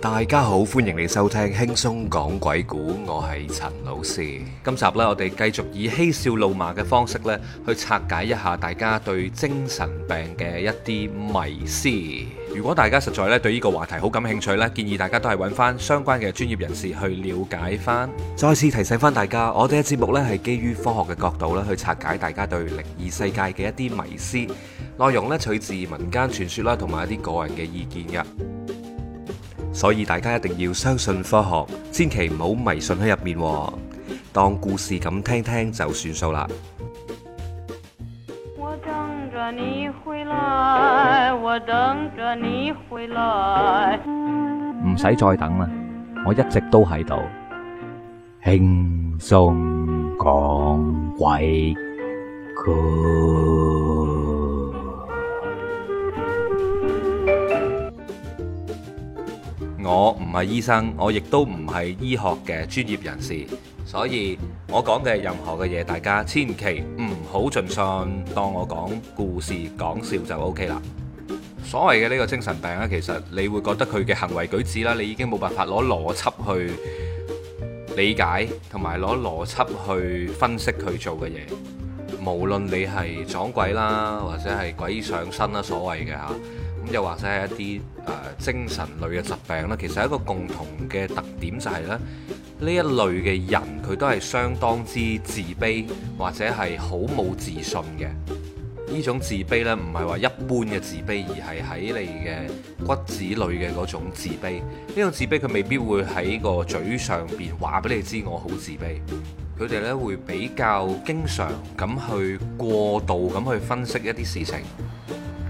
大家好，歡迎你收聽輕鬆講鬼故。我係陳老師。今集呢，我哋繼續以嬉笑怒罵嘅方式呢，去拆解一下大家對精神病嘅一啲迷思。如果大家實在呢，對呢個話題好感興趣呢，建議大家都係揾翻相關嘅專業人士去了解翻。再次提醒翻大家，我哋嘅節目呢，係基於科學嘅角度呢，去拆解大家對靈異世界嘅一啲迷思。內容呢，取自民間傳說啦，同埋一啲個人嘅意見嘅。所以大家一定要相信科學，千祈唔好迷信喺入面，當故事咁聽聽就算數啦。我等著你回來，我等著你回來。唔使再等啦，我一直都喺度，輕鬆講鬼故事。我唔係醫生，我亦都唔係醫學嘅專業人士，所以我講嘅任何嘅嘢，大家千祈唔好盡信，當我講故事講笑就 OK 啦。所謂嘅呢個精神病咧，其實你會覺得佢嘅行為舉止啦，你已經冇辦法攞邏輯去理解同埋攞邏輯去分析佢做嘅嘢，無論你係撞鬼啦，或者係鬼上身啦，所謂嘅吓。又或者係一啲誒、呃、精神類嘅疾病啦，其實一個共同嘅特點就係、是、咧，呢一類嘅人佢都係相當之自卑，或者係好冇自信嘅。呢種自卑呢，唔係話一般嘅自卑，而係喺你嘅骨子裏嘅嗰種自卑。呢種自卑佢未必會喺個嘴上邊話俾你知我好自卑，佢哋呢，會比較經常咁去過度咁去分析一啲事情。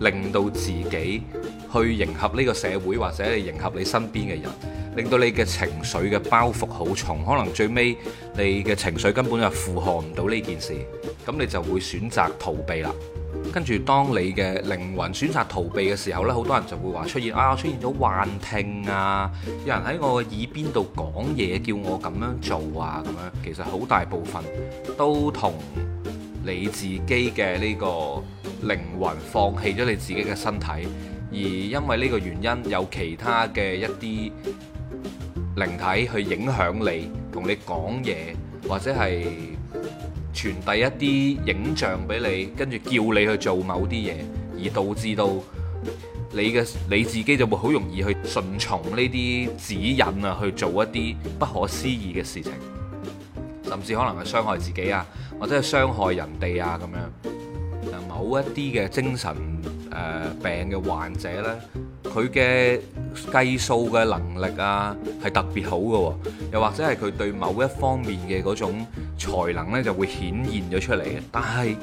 令到自己去迎合呢個社會或者係迎合你身邊嘅人，令到你嘅情緒嘅包袱好重，可能最尾你嘅情緒根本就負荷唔到呢件事，咁你就會選擇逃避啦。跟住，當你嘅靈魂選擇逃避嘅時候咧，好多人就會話出現啊，出現咗幻聽啊，有人喺我耳邊度講嘢，叫我咁樣做啊，咁樣其實好大部分都同你自己嘅呢個。靈魂放棄咗你自己嘅身體，而因為呢個原因，有其他嘅一啲靈體去影響你，同你講嘢，或者係傳遞一啲影像俾你，跟住叫你去做某啲嘢，而導致到你嘅你自己就會好容易去順從呢啲指引啊，去做一啲不可思議嘅事情，甚至可能係傷害自己啊，或者係傷害人哋啊咁樣。某一啲嘅精神誒病嘅患者呢，佢嘅計數嘅能力啊係特別好嘅，又或者係佢對某一方面嘅嗰種才能呢，就會顯現咗出嚟嘅。但係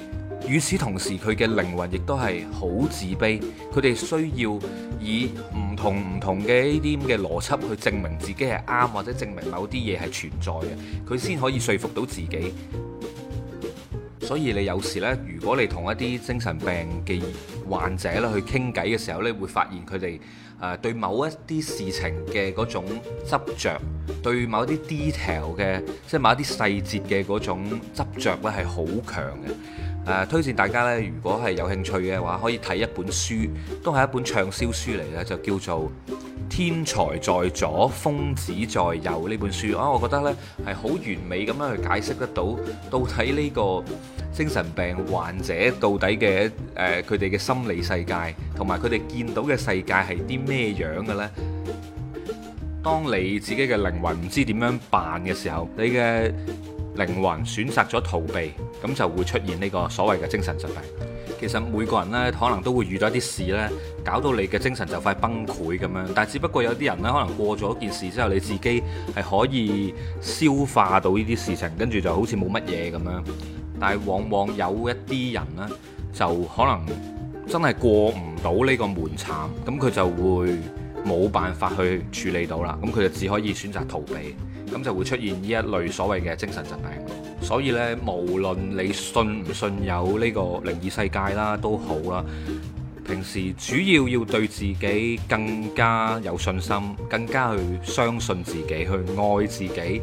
與此同時，佢嘅靈魂亦都係好自卑，佢哋需要以唔同唔同嘅呢啲咁嘅邏輯去證明自己係啱，或者證明某啲嘢係存在嘅，佢先可以説服到自己。所以你有時呢，如果你同一啲精神病嘅患者咧去傾偈嘅時候咧，你會發現佢哋誒對某一啲事情嘅嗰種執著，對某一啲 detail 嘅，即係某一啲細節嘅嗰種執著咧，係好強嘅。誒，推薦大家呢，如果係有興趣嘅話，可以睇一本書，都係一本暢銷書嚟嘅，就叫做天才在左，瘋子在右，呢本書啊，我覺得呢，係好完美咁樣去解釋得到到底呢個精神病患者到底嘅誒佢哋嘅心理世界，同埋佢哋見到嘅世界係啲咩樣嘅咧？當你自己嘅靈魂唔知點樣辦嘅時候，你嘅靈魂選擇咗逃避，咁就會出現呢個所謂嘅精神疾病。其實每個人呢，可能都會遇到一啲事呢，搞到你嘅精神就快崩潰咁樣。但係只不過有啲人呢，可能過咗件事之後，你自己係可以消化到呢啲事情，跟住就好似冇乜嘢咁樣。但係往往有一啲人呢，就可能真係過唔到呢個門檻，咁佢就會冇辦法去處理到啦。咁佢就只可以選擇逃避，咁就會出現呢一類所謂嘅精神疾病。所以呢，無論你信唔信有呢個靈異世界啦，都好啦。平時主要要對自己更加有信心，更加去相信自己，去愛自己。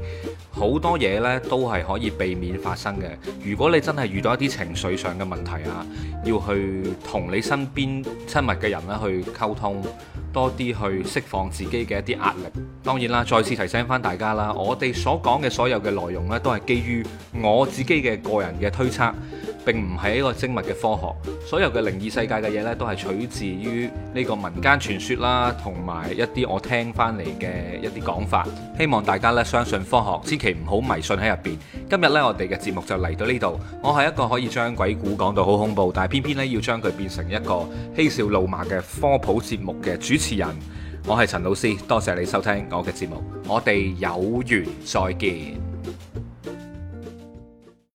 好多嘢呢都係可以避免發生嘅。如果你真係遇到一啲情緒上嘅問題啊，要去同你身邊親密嘅人呢去溝通，多啲去釋放自己嘅一啲壓力。當然啦，再次提醒返大家啦，我哋所講嘅所有嘅內容呢，都係基於我自己嘅個人嘅推測。並唔係一個精密嘅科學，所有嘅靈異世界嘅嘢呢，都係取自於呢個民間傳說啦，同埋一啲我聽返嚟嘅一啲講法。希望大家呢相信科學，千祈唔好迷信喺入邊。今日呢，我哋嘅節目就嚟到呢度。我係一個可以將鬼故講到好恐怖，但係偏偏呢要將佢變成一個嬉笑怒罵嘅科普節目嘅主持人。我係陳老師，多謝你收聽我嘅節目，我哋有緣再見。